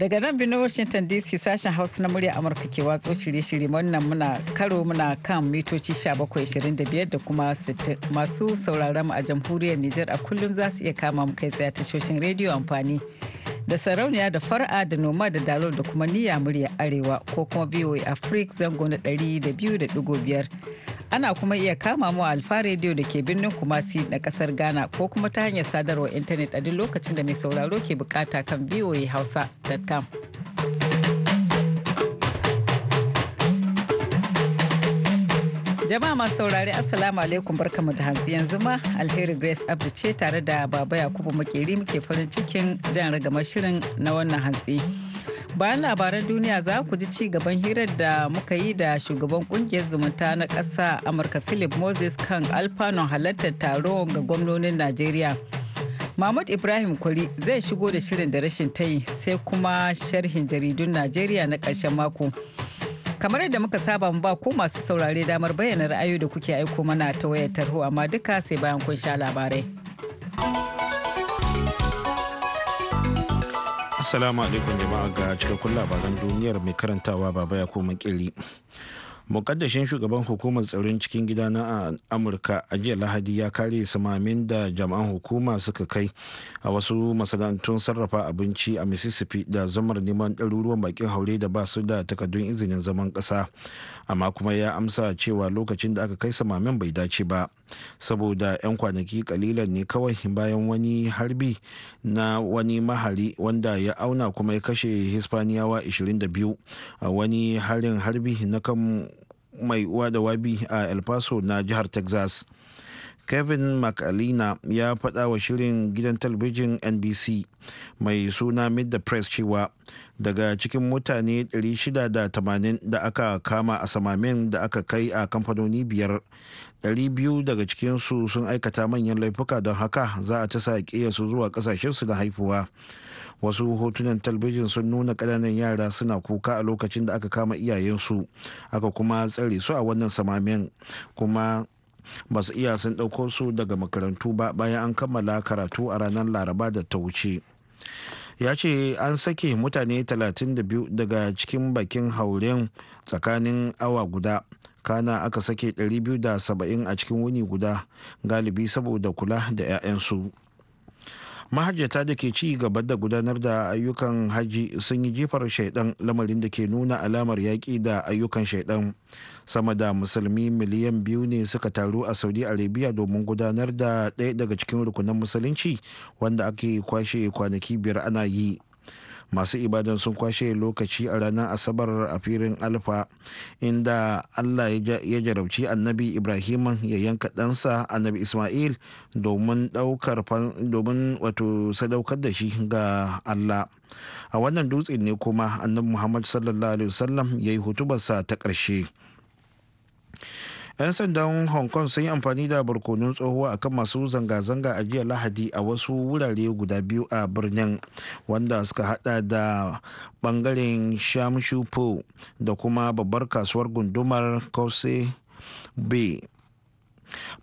daga nan birnin washington dc sashen hausa na murya amurka ke watso shirye-shirye wannan muna karo muna kan mitoci 1725 da kuma masu sauraron a jamhuriyar nijar a kullum za su iya kama mu kai tsaye tashoshin rediyo amfani da sarauniya da far'a da noma da dalo da kuma niyya murya arewa ko kuma voa africa zango na 200.5 ana kuma iya kama mu alfa rediyo da ke birnin kumasi na kasar ghana ko kuma ta hanyar sadarwar intanet a duk lokacin da mai sauraro ke bukata kan voahausa.com Jama'a masu saurari Assalamu alaikum barkamu da hantsi yanzu ma Alheri Grace Abdi ce tare da Baba Yakubu Makeri muke farin cikin jan ragamar shirin na wannan hantsi. Bayan labaran duniya za ku ji ci gaban hirar da muka yi da shugaban kungiyar zumunta na ƙasa Amurka Philip Moses kan alfanon halartar taro ga gwamnonin Najeriya. Mahmud Ibrahim kuri zai shigo da shirin da rashin tayi sai kuma sharhin jaridun Najeriya na ƙarshen mako. kamar yadda muka saba mu ba ku masu saurare damar bayyana ra'ayoyi da kuke aiko mana ta wayar tarho amma duka sai bayan kun sha labarai Assalamu alaikum jama'a ga cikakkun labaran duniyar mai karantawa baba ya koma kili. mukaddashin shugaban hukumar tsaron cikin gida na amurka a jiya lahadi ya kare samamin da jama'an hukuma suka kai a wasu masana'antun sarrafa abinci a mississippi da zamar neman ɗaruruwan bakin haure da ba su da takardun izinin zaman ƙasa amma kuma ya amsa cewa lokacin da aka kai samamin bai dace ba saboda 'yan kwanaki kalilan ne kawai bayan wani harbi na wani mahari wanda ya auna kuma ya kashe hispaniyawa 22 a wani harin harbi na kan mai uwa da wabi a el paso na jihar texas kevin mcalina ya faɗa wa shirin gidan talabijin nbc mai suna mid the press cewa daga cikin mutane 680 da aka kama a samamin da aka kai a kamfanoni biyar 200 daga cikinsu sun aikata manyan laifuka don haka za a ta saƙi su zuwa ƙasashensu na haifuwa wasu hotunan talabijin sun nuna ƙananan yara suna kuka a lokacin da aka kama iyayensu aka kuma tsare su a wannan samamin kuma ba su iya sun ɗauko su daga makarantu ba bayan an kammala karatu a ranar laraba da ta wuce ya ce an sake mutane 32 daga cikin bakin hauren tsakanin awa guda kana aka sake 270 a cikin wuni guda galibi saboda kula da 'ya'yansu. mahajjata da ke ci gaba da gudanar da ayyukan haji sun yi jifar shaidan lamarin da ke nuna alamar yaƙi da ayyukan shaidan sama da musulmi miliyan biyu ne suka taru a saudi arabia domin gudanar da ɗaya daga cikin rukunan musulunci wanda ake kwashe kwanaki biyar ana yi masu ibadan sun kwashe lokaci a ranar asabar a firin alfa inda allah ya jarabci annabi ibrahim ya yanka ɗansa annabi ismail domin ɗaukar domin wato sadaukar da shi ga allah a wannan dutse ne kuma annabi muhammad sallallahu alaihi wasallam ya yi hutubarsa ta ƙarshe 'yan sandan hong kong sun yi amfani da barkonun tsohuwa akan masu zanga-zanga a jiya lahadi a wasu wurare guda biyu a birnin wanda suka hada da bangaren shamshupo da kuma babbar kasuwar gundumar kose bay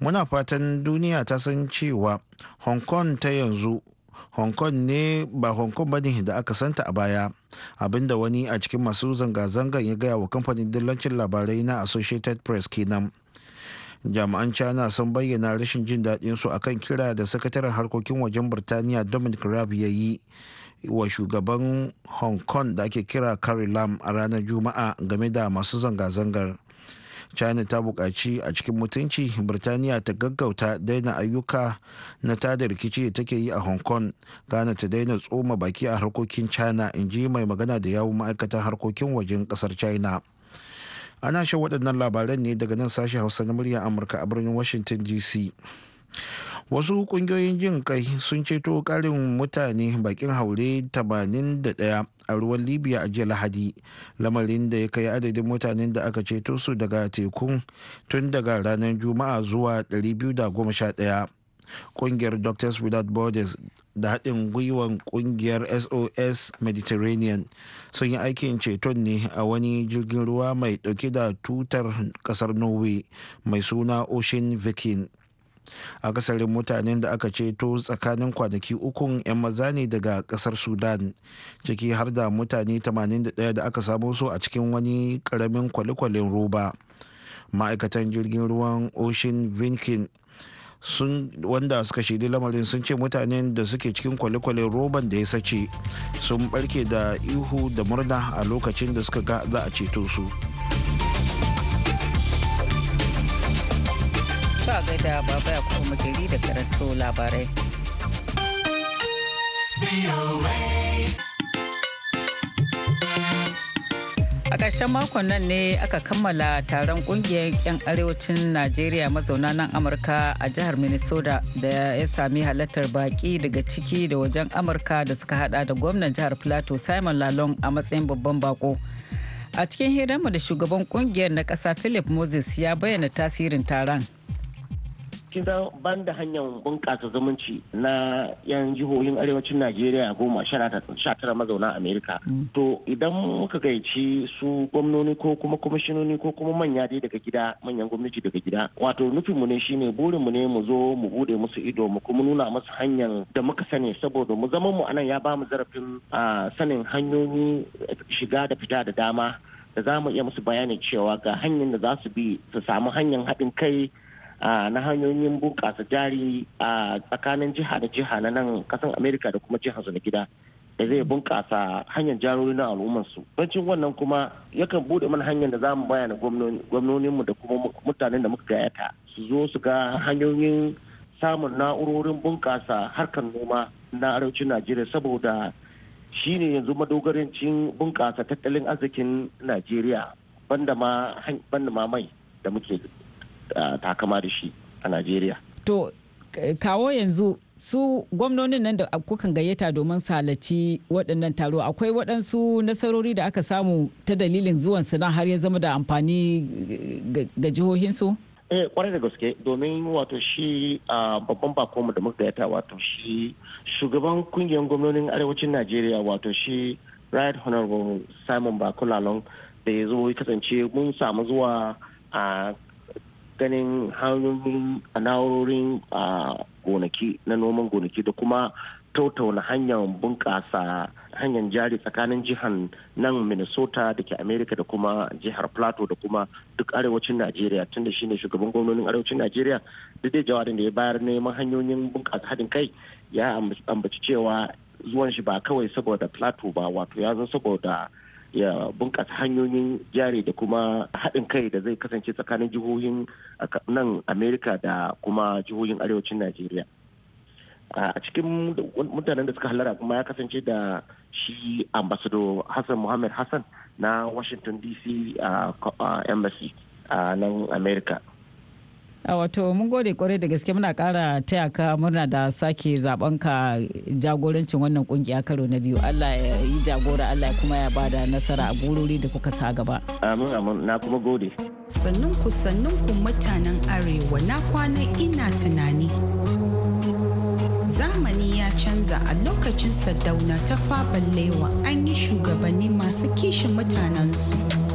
muna fatan duniya ta san cewa hong kong ta yanzu hong kong ne ba hong kong bane da aka santa a baya abinda wani a cikin masu zanga zangan ya gaya wa kamfanin dillancin labarai na associated press kenan jami'an china sun bayyana rashin jin daɗin su akan kira da sakataren harkokin wajen birtaniya dominic rab ya yi wa shugaban hong kong da ake kira carrie lam a ranar juma'a game da masu zanga-zangar china ta buƙaci a cikin mutunci birtaniya ta gaggauta daina ayyuka na tada rikici da take yi a hong kong ghana ta daina tsoma baki a harkokin china in ji mai magana da yawun ma'aikatan harkokin wajen ƙasar china ana shan waɗannan labaran ne daga nan sashen hausa na murya amurka a birnin washington dc wasu ƙungiyoyin jin kai sun ceto ƙarin mutane bakin haure 81 a ruwan libya a jiya lahadi lamarin da ya kai adadin mutanen da aka ceto su daga tekun tun daga ranar juma'a zuwa 211 kungiyar doctors without borders da haɗin gwiwan kungiyar sos mediterranean sun yi aikin ceton ne a wani jirgin ruwa mai ɗauke da tutar ƙasar norway mai suna ocean viking a kasarin mutanen da aka ceto tsakanin kwanaki ukun 'yan maza ne daga kasar sudan ciki har da mutane 81 da aka samo su a cikin wani karamin kwale roba ma'aikatan jirgin ruwan ocean viking sun wanda suka shaidi lamarin sun ce mutanen da suke cikin kwale-kwale roban da ya sace sun barke da ihu da murna a lokacin da suka ga za a ceto su gaida baba ya da labarai A ƙarshen makon nan ne aka kammala taron ƙungiyar 'yan arewacin Najeriya mazauna nan Amurka a jihar Minnesota da ya sami halartar baƙi daga ciki da wajen Amurka da suka hada da gwamnan jihar Plateau Simon Lalong a matsayin babban bako. A cikin hiranmu da shugaban ƙungiyar na ƙasa Philip Moses ya bayyana tasirin taron. kin san ban da hanyar bunƙasa zumunci na yan jihohin arewacin najeriya goma sha tara mazauna amerika mm. to idan muka gaici su gwamnoni ko kuma kwamishinoni ko kuma manya dai daga gida manyan gwamnati daga gida wato nufinmu ne burin mu ne mu zo mu bude musu ido mu kuma nuna musu hanyar da muka sani saboda mu zama mu anan ya ba mu zarafin sanin hanyoyi shiga da fita da dama da za mu iya musu bayani cewa ga hanyar da za su bi su samu hanyar haɗin kai na hanyoyin bunƙasa jari a tsakanin jiha da jiha na nan kasan amerika da kuma jihar na gida da zai bunƙasa hanyar jarori na al'ummarsu bacin wannan kuma yakan bude mana hanyar da za mu bayana gwamnoninmu da kuma mutanen da muka gayata su zo su ga hanyoyin samun na'urorin bunƙasa harkar noma na arewacin najeriya saboda shi ne yanzu madogarancin bunƙasa tattalin arzikin najeriya banda ma mai da muke Uh, takama da shi a najeriya to kawo yanzu su gwamnonin nan da kukan gayyata domin salaci waɗannan taro akwai waɗansu nasarori da aka samu ta dalilin zuwan su har ya zama da amfani ga jihohinsu? eh kwarai da gaske domin wato shi uh, babban bakonmu da muka gayyata wato shi shugaban kungiyar gwamnonin arewacin najeriya wato shi right honorable simon bakulalon da ya zo kasance mun samu zuwa a uh, ganin hanyoyin a na'urorin gonaki na noman gonaki da kuma tautauna hanyar bunƙasa hanyar jari tsakanin jihan nan minnesota da ke america da kuma jihar plateau da kuma duk arewacin najeriya tun da shine shugaban gwamnonin arewacin najeriya duk dai jawabin da ya bayar neman hanyoyin bunƙasa haɗin kai ya ambaci cewa zuwan shi ba kawai saboda plateau ba wato ya zo saboda ya bunkasa hanyoyin jari da kuma haɗin kai da zai kasance tsakanin jihohin nan amerika da kuma jihohin arewacin najeriya a cikin mutanen da suka halara kuma ya kasance da shi ambasado hassan muhammad hassan na washington dc a embassy a nan amerika a wato mun gode kwarai da gaske muna kara taya ka murna da sake zaben ka jagorancin wannan kungiya karo na biyu Allah ya yi jagora Allah kuma ya bada nasara a burori da kuka sa gaba amin amin na kuma gode sannan ku sannan ku mutanen arewa na kwana ina tunani zamani ya canza a lokacin sadauna ta faɓallewa an yi shugabanni masu kishin mutanensu. su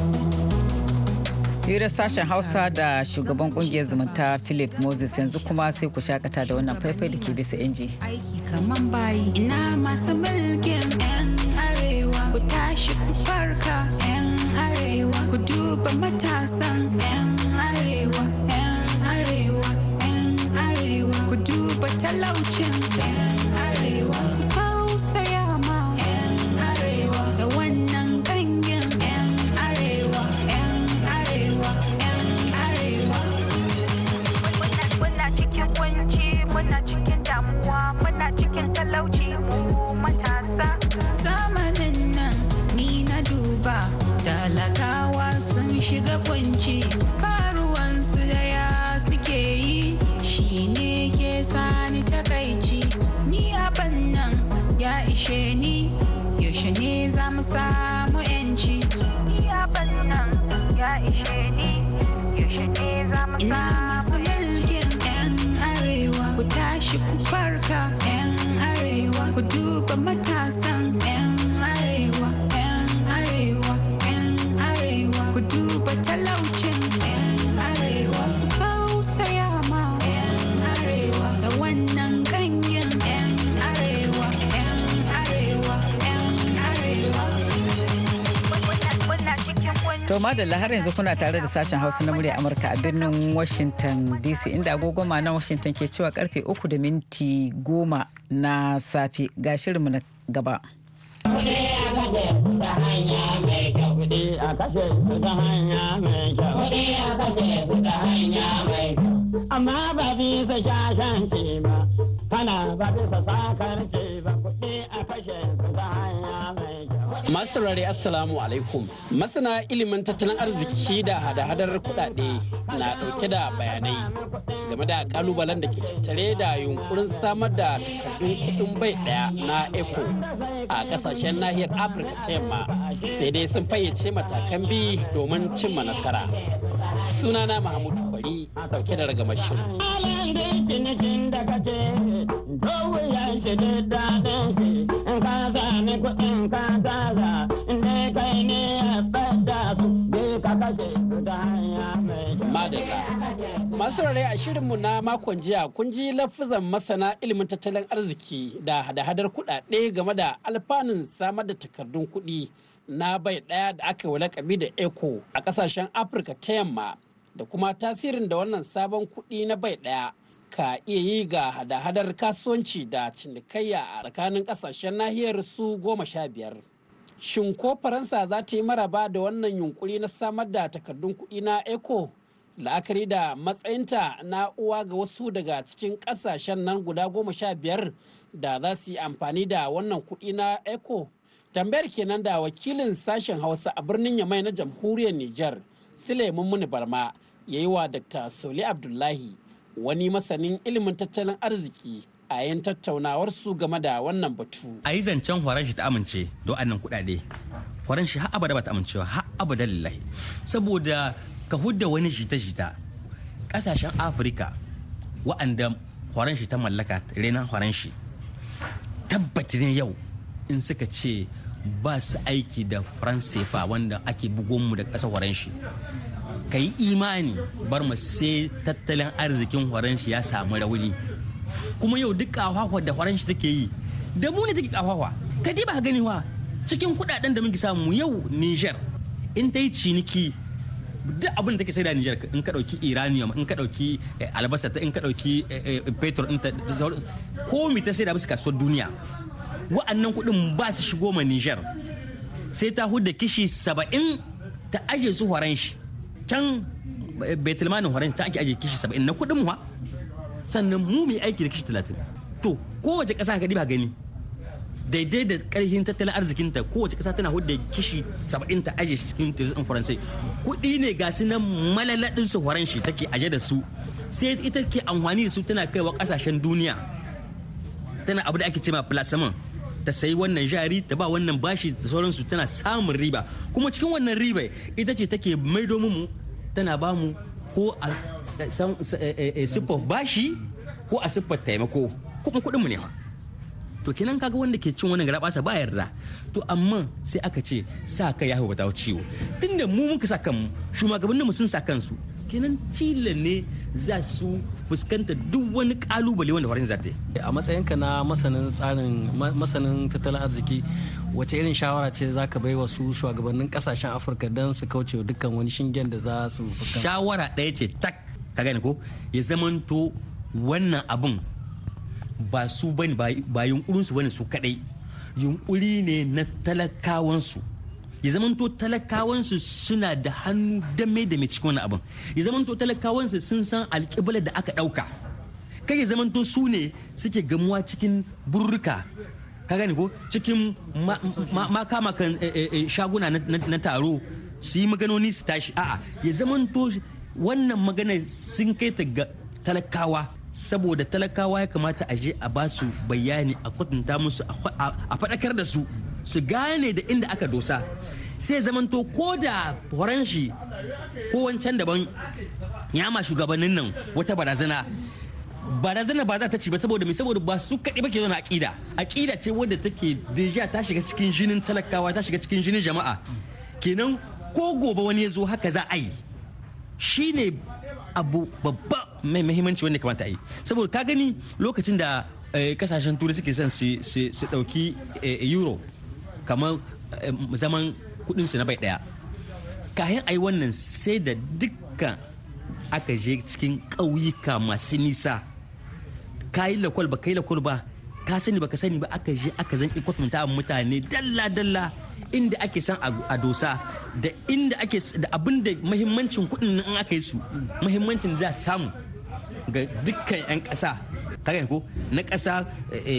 Hira sashen Hausa da shugaban kungiyar zumunta Philip Moses yanzu kuma sai ku shakata da wannan faifai da ke bisa inji. Aiki bayi ina masu mulkin 'yan arewa ku tashi ku farka 'yan arewa ku duba matasan 'yan arewa 'yan arewa 'yan arewa ku duba talaucin 'yan talakawa sun shiga kunci karuwansu da ya suke yi shine ke sani takaici ni abin nan ya ishe ni yaushe ne za mu samu yanci ni abin nan ya ishe ni yaushe ne za mu ina masu mulkin yan arewa ku tashi ku farka yan arewa ku duba mata To madalla har yanzu kuna tare da sashen Hausa na murya Amurka a birnin Washington DC inda agogoma na Washington ke cewa karfe 3 da minti 10 na safe ga shirinmu na gaba. Amma ba bisa shashan ce ba, kana ba bisa sakar ce ba kuɗi a kashe su ta hanya Masu saurare Assalamu alaikum. Masana ilimin tattalin arziki da hada-hadar kuɗaɗe na dauke da bayanai game da kalubalen da ke tattare da yunkurin samar da takardun kudin bai daya na ECO a kasashen nahiyar Afirka ta yamma sai dai sun fayyace matakan bi domin cimma nasara. Sunana Mahmud Kwari ɗauke da ragamar shirin. ni kuɗin ka masu rarai a shirinmu na makon jiya kun ji lafizan masana ilimin tattalin arziki da hada-hadar kuɗaɗe game da alfanun samar da takardun kuɗi na bai ɗaya da aka yi lakabi da eco a ƙasashen afirka ta yamma da kuma tasirin da wannan sabon kuɗi na bai ɗaya ka iya yi ga hada-hadar kasuwanci da cinikayya a tsakanin kasashen nahiyar su goma sha biyar. Shin ko Faransa za ta yi maraba da wannan yunkuri na samar da takardun kuɗi na ECO? La'akari da matsayinta na uwa ga wasu daga cikin ƙasashen nan guda goma sha biyar da za su yi amfani da wannan kuɗi na ECO? Tambayar kenan da wakilin sashen Hausa a birnin Yamai na jamhuriyar Nijar, Suleiman Munibarma, Barma, ya yi wa Dr. Soli Abdullahi wani masanin ilimin tattalin arziki a yayin su game da wannan batu. A yi zancen horon shi ta amince don annan kuɗaɗe. Horon shi har da ba ta amince ba har abada lillahi. Saboda ka hudda wani jita-jita ƙasashen Afirka wa'anda horon shi ta mallaka renan horon shi. Tabbatin yau in suka ce ba su aiki da faransefa wanda ake bugonmu da ƙasa horon shi. ka yi imani bar mu sai tattalin arzikin horon ya samu rauni kuma yau duk kahwahwa da horon shi take yi da mu ne take kahwahwa ka ba gani wa cikin kudaden da muke samu yau Niger in ta yi ciniki duk abin da take sai da Niger in ka dauki uranium in ka dauki eh, albasa ta in ka dauki eh, eh, petrol in ta komi ta sai da bisa kasuwar duniya wa'annan kudin ba su shigo ma Niger sai ta hudda kishi saba'in ta aje su horon can eh, betulmanin horon ta ake ajiye kishi saba'in na kudin muwa sannan mu mai aiki da kishi talatin to kowace ƙasa ka ba gani daidai da karhin tattalin arzikinta kowace ƙasa tana da kishi saba'in ta ajiye shi cikin tezu faransai kuɗi ne ga su nan malalaɗin su horon shi take aje da su sai ita ke amfani da su tana kaiwa kasashen duniya tana abu da ake cema plasma ta sayi wannan jari ta ba wannan bashi da sauransu tana samun riba kuma cikin wannan riba ita ce take maido mu tana bamu ko a eh, eh, eh, siffar bashi ko a siffar taimako kuma mu ne to kinan kaga wanda ke cin wani garabasa ba yarda to amma sai aka ce sa kai ya hubata ciwo tunda mu muka sa kanmu shugabannin mu sun sa kansu kenan cila ne za su fuskanta duk wani kalubale wanda farin za ta yi a matsayinka na masanin tsarin masanin tattalin arziki wace irin shawara ce za ka bai wa su shugabannin kasashen afirka don su kauce wa dukkan wani shingen da za su fuskanta shawara ɗaya ce tak ka gane ko ya zamanto wannan abun ba su bane ba yunkurin su bane su kadai yunkuri ne na talakawansu ya zamanto talakawansu suna da hannu dame da mai cikin wani abun ya zamanto talakawansu sun san alƙibla da aka ɗauka kai ya zamanto su ne suke gamuwa cikin burruka ka gani ko cikin makamakan eh, eh, eh, shaguna na taro su yi maganoni su tashi a'a ya zamanto wannan magana sun kai ta ga talakawa saboda talakawa ya kamata a je a ba su bayani a kwatanta musu a faɗakar da su su gane da inda aka dosa sai zamanto ko da horon ko wancan daban ya ma shugabannin nan wata barazana barazana ba za ta ci ba saboda mai saboda ba su kaɗai ba ke zauna aƙida aƙida ce wadda take deja ta shiga cikin jinin talakawa ta shiga cikin jinin jama'a kenan ko gobe wani ya zo haka za a yi shine abu babba mai muhimmanci wanda kamata a yi saboda ka gani lokacin da eh, kasashen turai suke son su ɗauki eh, euro kamar eh, zaman kudinsu na bai daya kayan a yi wannan sai da dukkan aka je cikin ƙauyuka masu nisa ka yi lakwal ba ka yi lakwal ba ka sani ba ka sani ba aka je aka zan a mutane dalla dalla inda ake san a dosa da inda ake da abin da mahimmancin kudin nan an aka yi su mahimmancin za samu ga dukkan 'yan ƙasa kare ko na ƙasa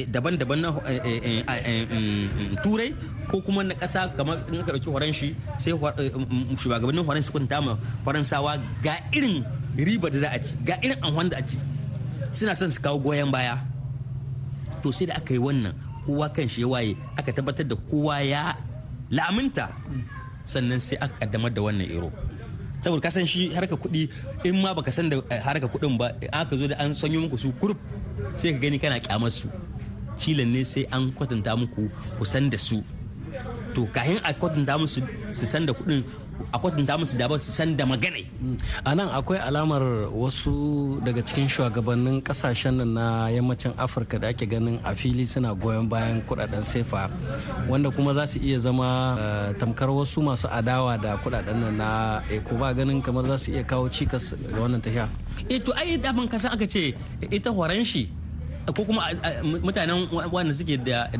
daban-daban eh, eh, na eh, mm, mm, turai ko kuma na ƙasa kamar in ka ɗauki shi sai mm, shugabannin faransa kun tama faransawa ga irin riba da za a ci ga irin amfani da a ci suna son su kawo goyon baya to sai da aka yi wannan kowa kan shi waye aka tabbatar da kowa ya la'aminta sannan sai aka kaddamar da wannan ero saboda kasan shi harka kuɗi in ma baka san da eh, harka kuɗin ba aka zo da an sanyo muku su kurup sai ka gani kana kyamar su cilan ne sai an kwatanta muku kusan da su to kahin a kwatanta musu su san da kuɗin a kwatanta musu da ba su san da magana a nan akwai alamar wasu daga cikin shugabannin kasashen nan na yammacin afirka da ake ganin a fili suna goyon bayan kudaden sefa wanda kuma za su iya zama eh, tamkar wasu masu adawa da kudaden nan na eko ba ganin kamar za su iya kawo cikas ga wannan tafiya e to ai daman kasan aka ce ita horon shi ko kuma eh, mutanen wanda suke da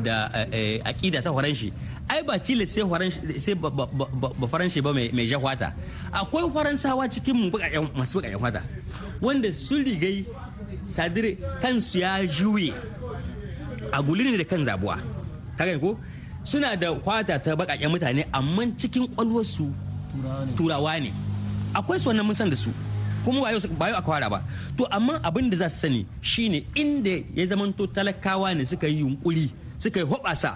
aƙida ta horon shi ai ba kila sai ba faranshe ba mai jahwata akwai faransawa cikin mu masu bakayen fata wanda sun rigai sadire kansu ya juye a guli ne da kan zabuwa gani ko suna da kwata ta bakaken mutane amma cikin kwalwarsu turawa ne akwai su wannan mun san da su kuma ba yau a kwara ba to amma abin da za su sani shine inda ya zamanto talakawa ne suka yi yunkuri suka yi hoɓasa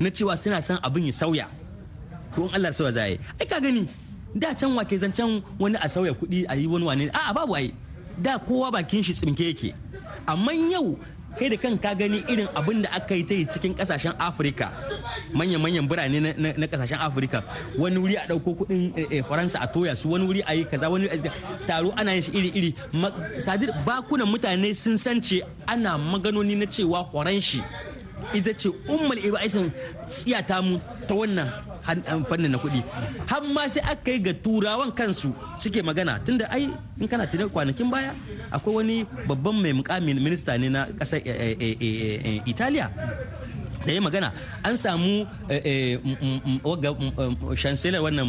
na cewa suna son abin ya sauya to in Allah sauya zai ai ka gani da can wake zancan wani a sauya kuɗi a yi wani wane a babu ai da kowa bakin shi tsinke yake amma yau kai da kan ka gani irin abin da aka yi ta yi cikin kasashen afirka manya-manyan birane na kasashen afirka wani wuri a ɗauko kuɗin eh, eh, faransa a toya su wani wuri a yi kaza wani taro ana yin shi iri-iri sadir bakunan mutane sun sance ana maganoni na cewa shi. ita ce ummul ibaisin ta mu ta wannan fannin na kuɗi har ma sai aka yi ga turawan kansu suke magana tunda ai in kana tina kwanakin baya akwai wani babban mai mukamin minista ne na ƙasar eh, eh, eh, italiya da ya magana an samu shanselar eh, eh, mm, mm, mm, wannan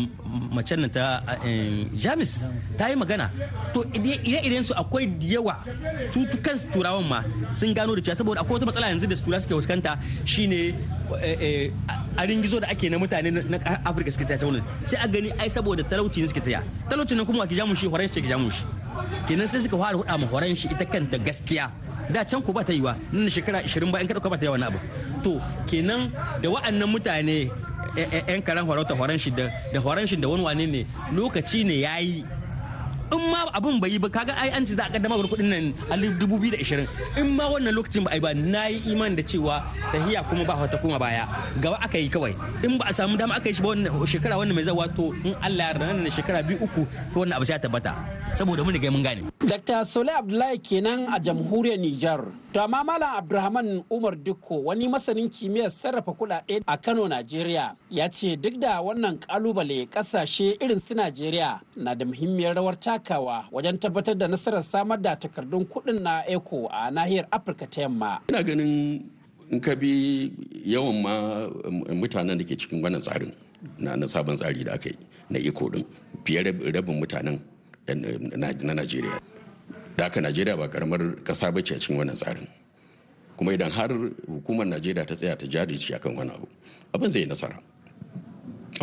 macen ta eh, jamis ta yi magana to ire-iren su akwai yawa cutukan turawan ma sun gano da cewa saboda akwai wata matsala yanzu da tura suke fuskanta shine a ringizo da ake na mutane na afirka suke taya wani sai a gani ai saboda talauci ne suke taya talauci ne kuma wa jamushi horon shi ke jamushi kenan sai suka fara hudu ma horon shi ita kanta gaskiya da can ku ba ta yi wa nan shekara 20 ba in ka dauka ba ta wa na abu to kenan da wa'annan mutane yan karan horauta horon shi da horon da wani wane ne lokaci ne yayi in ma abin bai yi ba kaga ai an ci za a kaddamar kudin nan a 2020 in ma wannan lokacin ba ai ba na yi iman da cewa tahiya kuma ba ta kuma baya gaba aka yi kawai in ba a samu dama aka yi shi ba wannan shekara wannan mai zawa to in Allah ya yarda nan shekara biyu uku to wannan abu sai ya tabbata saboda mun riga mun gane Dr. Sule Abdullahi kenan a jamhuriyar Nijar to amma Malam Abdulrahman Umar Dikko wani masanin kimiyyar sarrafa kuɗaɗe a Kano Najeriya ya ce duk da wannan kalubale kasashe irin su Najeriya na da muhimmiyar rawar takawa wajen tabbatar da nasarar samar da takardun kuɗin na eco a nahiyar afirka ta yamma ina ganin in ka bi yawan ma um, mutanen da ke cikin wannan tsarin na sabon tsari da aka yi na eco din fiye rabin mutanen um, na najeriya da aka najeriya ba karamar kasa ba ce a cikin wannan tsarin kuma idan har hukumar najeriya ta tsaya ta jajirce akan wani abu abin zai yi nasara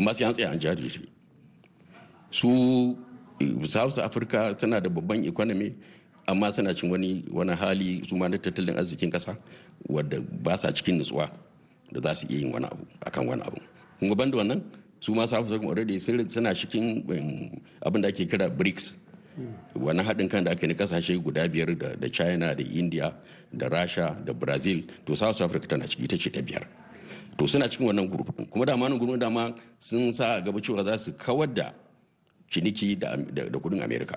amma sai an tsaya an jajirce su south africa tana da babban economy amma suna cin wani wani hali su ma na tattalin arzikin kasa wadda ba sa cikin nutsuwa da za su iya yin wani abu akan wani abu kuma ban da wannan su ma south africa already suna cikin um, abin da ake kira brics wani haɗin kan da ake na kasashe guda biyar da china da india da rasha da brazil to south africa tana ciki ita ce ta biyar to suna cikin wannan gurufin kuma dama nan gurufin dama sun sa a gaba cewa za su kawar da ciniki da kudin america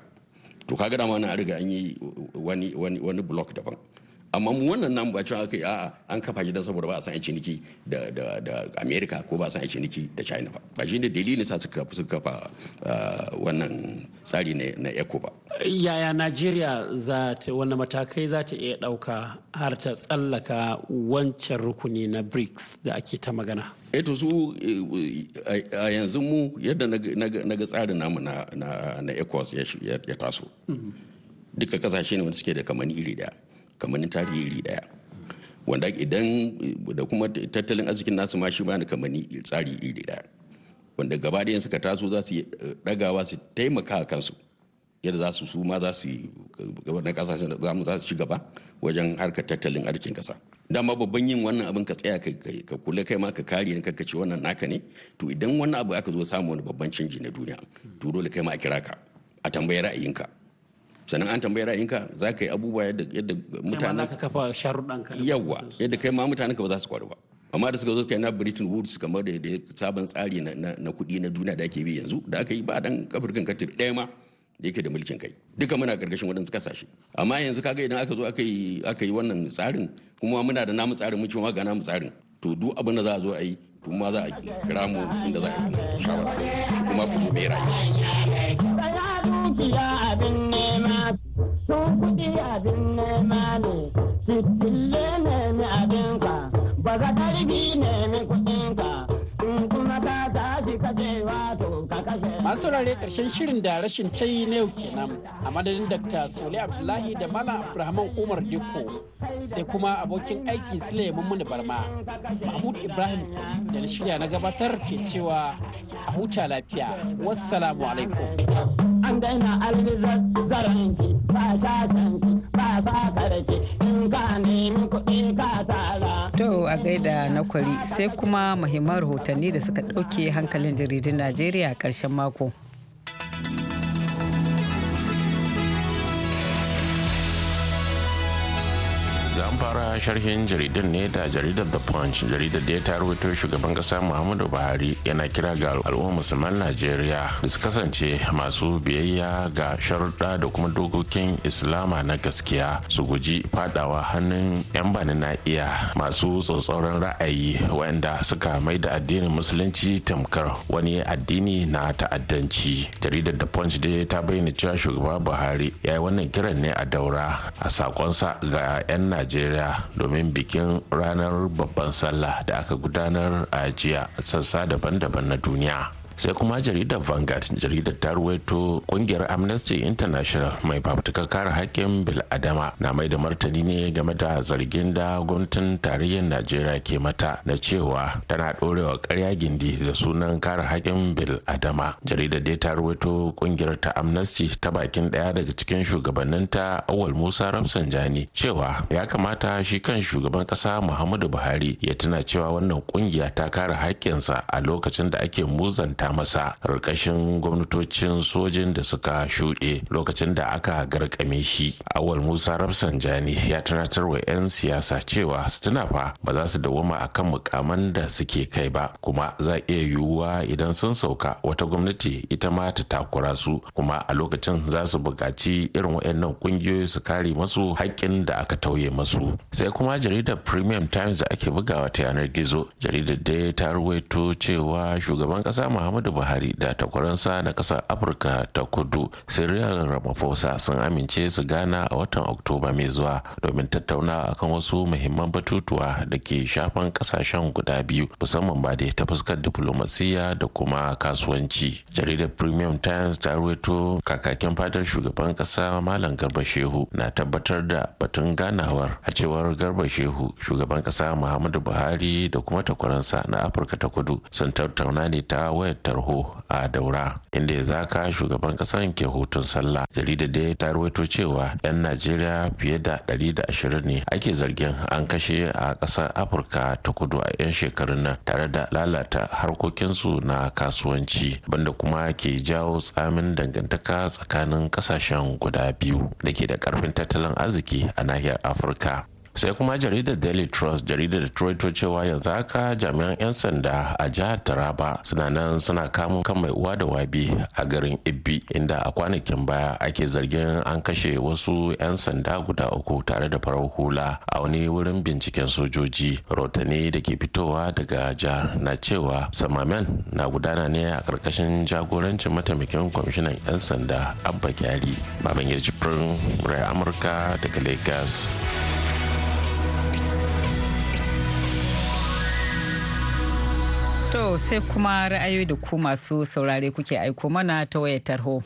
to kaga dama na riga an yi wani wani block daban amma mu wannan namu ba cewa aka yi a'a an kafa shi don saboda ba a san ciniki da da da america ko ba a san ciniki da china ba ba shi ne dalilin sa suka suka kafa eh, wannan tsari na eco ba yaya najeriya za ta wani matakai za ta iya dauka har ta tsallaka wancan rukuni na brics da ake ta magana eh to su eh, a yanzu mu yadda na ga tsarin namu na ecos ya taso mm-hmm. duka kasashe ne wanda suke da kamani iri daya kamar tarihi iri daya wanda idan da kuma tattalin arzikin nasu ma shi bani kamanni tsari iri daya wanda gaba ɗayan suka taso za su eh, ɗagawa su taimaka a kansu yadda za su su ma za su eh, na da mu za su ci gaba wajen harkar tattalin arzikin kasa dama babban yin wannan abin ka tsaya ka kula kai ma ka kare ne ka ce wannan naka ne to idan wannan abu aka zo samu wani babban canji na duniya to dole kai ma a kira ka a tambayi ra'ayinka sannan an tambayi ra'ayinka za ka yi abubuwa yadda mutane ka kafa sharuɗan ka yawa yadda kai ma mutanen ka ba za su kwaru ba amma da suka zo kai na Britain Woods kamar da sabon tsari na kuɗi na duniya da ake bi yanzu da aka yi ba dan kafirkan katir ɗaya ma da yake da mulkin kai duka muna karkashin waɗansu kasashe amma yanzu kaga idan aka zo aka yi aka yi wannan tsarin kuma muna da namu tsarin mun ce ma ga namu tsarin to duk abin da za a zo a yi to ma za a kira mu inda za a yi shawara shi kuma ku zo mai rayu dukiya abin nema sun kuɗi abin nema ne fitille nemi abinka ba za ƙarfi nemi ka in kuma ka tashi kashe wato ka kashe masu saurare karshen shirin da rashin yi na yau kenan a madadin dr sole abdullahi da malam abdulrahman umar diko sai kuma abokin aiki sule mummuni barma mahmud ibrahim kwari da na shirya na gabatar ke cewa a huta lafiya wassalamu alaikum an daina algizar zaranki ba shashanki ba sakarki in ka nemi kuɗi ka tara. To a gaida na kwari sai kuma muhimman rahotanni da suka ɗauke hankalin jaridun Najeriya a ƙarshen mako. an fara sharhin jaridar ne da jaridar the punch jaridar da ya tarwato shugaban kasa muhammadu buhari yana kira ga al'ummar musulman najeriya da su kasance masu biyayya ga sharuɗa da kuma dokokin islama na gaskiya su guji fadawa hannun 'yan bani na iya masu tsatsauran ra'ayi wanda suka mai da addinin musulunci tamkar wani addini na ta'addanci jaridar the punch dai ta bayyana cewa shugaban buhari ya yi wannan kiran ne a daura a sakonsa ga 'yan najeriya najeriya domin bikin ranar babban sallah da aka gudanar a jiya sassa daban-daban na duniya sai kuma jaridar Vanguard jaridar ta ruwaito kungiyar Amnesty International mai fafutukar kare hakkin adama, na mai da martani ne game da zargin da gwamnatin tarayyar Najeriya ke mata na cewa tana ɗorewa karya gindi da sunan kare hakkin bil'adama. Jaridar dai ta ruwaito kungiyar ta Amnesty ta bakin ɗaya daga cikin shugabanninta Awal Musa Rafsanjani cewa ya kamata shi kan shugaban ƙasa Muhammadu Buhari ya tuna cewa wannan kungiya ta kare haƙƙinsa a lokacin da ake muzanta gindaya masa rikashin gwamnatocin sojin da suka shuɗe lokacin da aka garkame shi awal musa rafsanjani ya tunatar wa 'yan siyasa cewa su tuna fa ba za su dawoma akan mukaman da suke kai ba kuma za iya yiwuwa idan sun sauka wata gwamnati ita ma ta takura su kuma a lokacin za su buƙaci irin waɗannan ƙungiyoyi su kare masu haƙƙin da aka tauye masu sai kuma jaridar premium times da ake bugawa ta yanar gizo jaridar dai ta ruwaito cewa shugaban ƙasa muhammadu muhammadu buhari da takwaransa na ƙasar afirka ta kudu cyril ramaphosa sun amince su gana a watan oktoba mai zuwa domin tattauna akan wasu muhimman batutuwa da ke shafan ƙasashen guda biyu musamman ba da ta fuskar diflomasiyya da kuma kasuwanci jaridar premium times ta ruwaito kakakin fadar shugaban kasa malam garba shehu na tabbatar da batun ganawar a cewar garba shehu shugaban kasa muhammadu buhari da kuma takwaransa na afirka ta kudu sun tattauna ne ta wayar tarho a daura inda ya zaka shugaban kasan ke hutun sallah jaridar da ta ruwaito cewa 'yan najeriya fiye da 120 ne ake zargin an kashe a ƙasar afirka ta kudu a 'yan shekarun nan tare da lalata harkokinsu na kasuwanci banda kuma ke jawo tsamin dangantaka tsakanin ƙasashen guda biyu da ke da ƙarfin tattalin arziki a nahiyar afirka sai kuma jaridar daily trust jaridar detroit cewa yanzu haka jami'an 'yan sanda a jihar taraba suna nan suna kamun kan mai uwa da wabi a garin ibbi inda a kwanakin baya ake zargin an kashe wasu 'yan sanda guda uku tare da farar hula a wani wurin binciken sojoji rotani da ke fitowa daga jihar na cewa samamen na gudana ne a karkashin jagorancin mataimakin kwamishinan 'yan sanda abba kyari babangirci firin amurka daga lagos To sai kuma ra'ayoyi da ku masu saurare kuke aiko mana ta wayar tarho.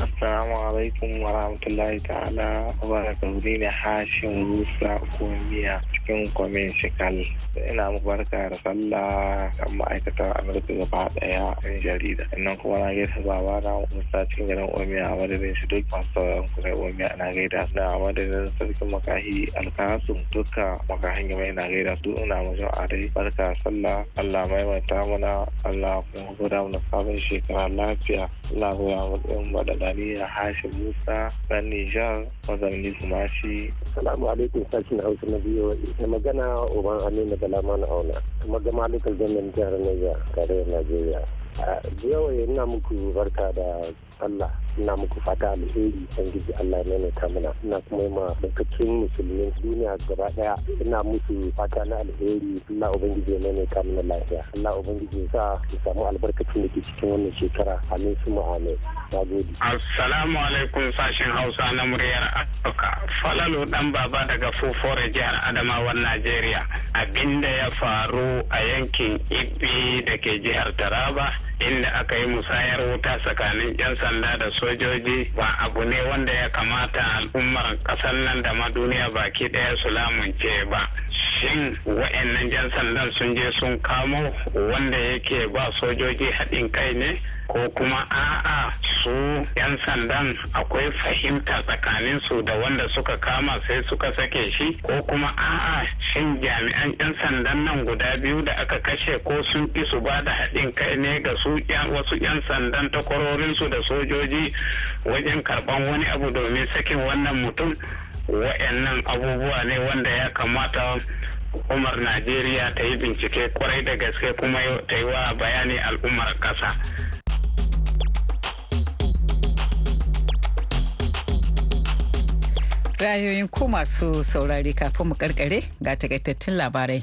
Assalamu alaikum wa rahmatullahi ta'ala wa barakatuhu ne Rusa cikin kwamin shekal ina barka da sallah kan ma'aikatar amurka gaba daya yan jarida sannan kuma na gaisa baba na musa cikin garin omiya a madadin shi duk masu sauran kusa omiya na gaida na madadin sarkin makahi alkasu duka makahin gaba ina gaida su ina a dai barka sallah allah maimaita mana allah kuma guda mana sabon shekara lafiya allah goya mu ɗin madadani da musa ɗan nijar mazamni kuma alaikum sashen hausa mai magana uban aminu bala na auna kuma ga malikal jami'in jihar niger Karayar najeriya yawai ina muku barka da Allah ina muku fata alheri ubangiji Allah ne mai kamuna ina kuma ma dukkan musulmin duniya gaba daya ina muku fata na alheri Allah ubangiji ne mai kamuna lafiya Allah ubangiji sa su samu albarkacin da ke cikin wannan shekara amin su mu amin nagode assalamu alaikum sashen Hausa na muryar Afirka falalu dan baba daga fofore jihar Adamawa Najeriya abinda ya faru a yankin Ibbi da ke jihar Taraba inda aka yi musayar wuta tsakanin 'yan sanda da sojoji ba abu ne wanda ya kamata al'ummar ƙasar nan da ma duniya baki daya su lamunce ba shin wa'annan 'yan sandan sun je sun kamo wanda yake ba sojoji haɗin kai ne ko kuma a'a su 'yan sandan akwai fahimta tsakanin su da wanda suka kama sai suka sake shi ko kuma a'a shin jami'an 'yan sandan nan guda biyu da aka kashe ko sun ƙi su ba da haɗin kai ne ga su su wasu 'yan sandan takwarorinsu da sojoji wajen karban wani abu domin sakin wannan mutum wa'annan abubuwa ne wanda ya kamata umar najeriya ta yi bincike kwarai da gaske kuma ta yi wa bayani al'ummar ƙasa. rayoyin ko masu saurari kafin mu karkare ga takaitattun labarai.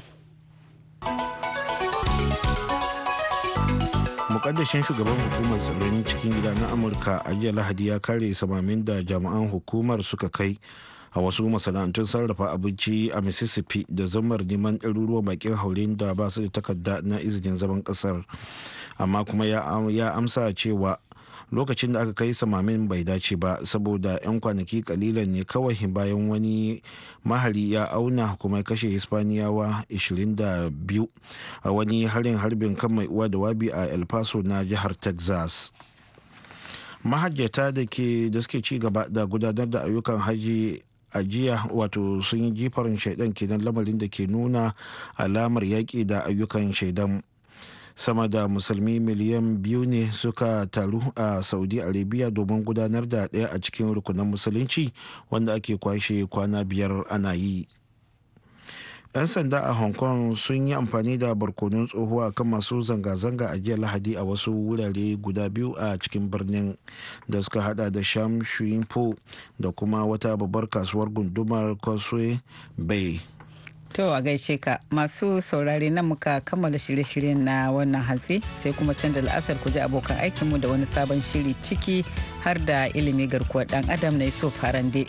mukaddashin shugaban hukumar tsaron cikin gida na amurka a jiya lahadi ya kare samamin da jami'an hukumar suka kai a wasu masana'antun sarrafa abinci a mississippi da zamar neman ɗaruruwan bakin haurin da ba su da takarda na izinin zaman kasar amma kuma ya amsa cewa lokacin da aka kai samamin bai dace ba saboda 'yan kwanaki kalilan ne kawai bayan wani mahari ya auna kuma kashe hispaniyawa 22 a wani harin harbin kan mai uwa da wabi a el paso na jihar texas mahajjata da ke da suke ci gaba da gudanar da ayyukan haji a jiya wato sun yi jifar shaidan kenan lamarin da ke nuna alamar yaƙi da ayyukan shaidan sama da musulmi miliyan biyu ne suka taru a saudi arabia domin gudanar da ɗaya a cikin rukunan musulunci wanda ake kwashe kwana biyar ana yi 'yan sanda a hong kong sun yi amfani da barkonon tsohuwa kan masu zanga-zanga a jiya lahadi a wasu wurare guda biyu a cikin birnin da suka hada da sham shuyin da kuma wata babbar kasuwar gundumar causeway bay To a gaishe ka masu saurare na muka kammala shirye-shiryen na wannan hatsi sai kuma can la'asar ku ji abokan aikinmu da wani sabon shiri ciki har da ilimi garkuwar ɗan adam na iso farande.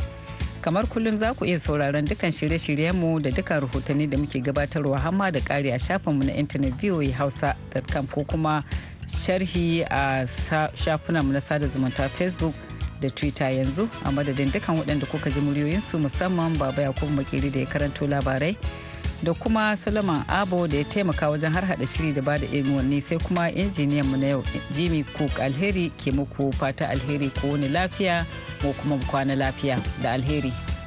Kamar kullum za ku iya sauraron dukan shirye-shiryenmu da dukan rahotanni da muke gabatarwa hamma da kari a shafinmu na intanet voahausa.com ko kuma sharhi a shafunanmu na sada zumunta facebook da twitter yanzu a madadin dukkan waɗanda kuka ji muryoyinsu musamman baba yakubu makeri da ya karanto labarai da kuma salama abo da ya taimaka wajen har hada shiri da bada wani sai kuma injiniyan mu na yau jimmy cook alheri ke muku fata alheri ko wani lafiya ko kuma kwana lafiya da alheri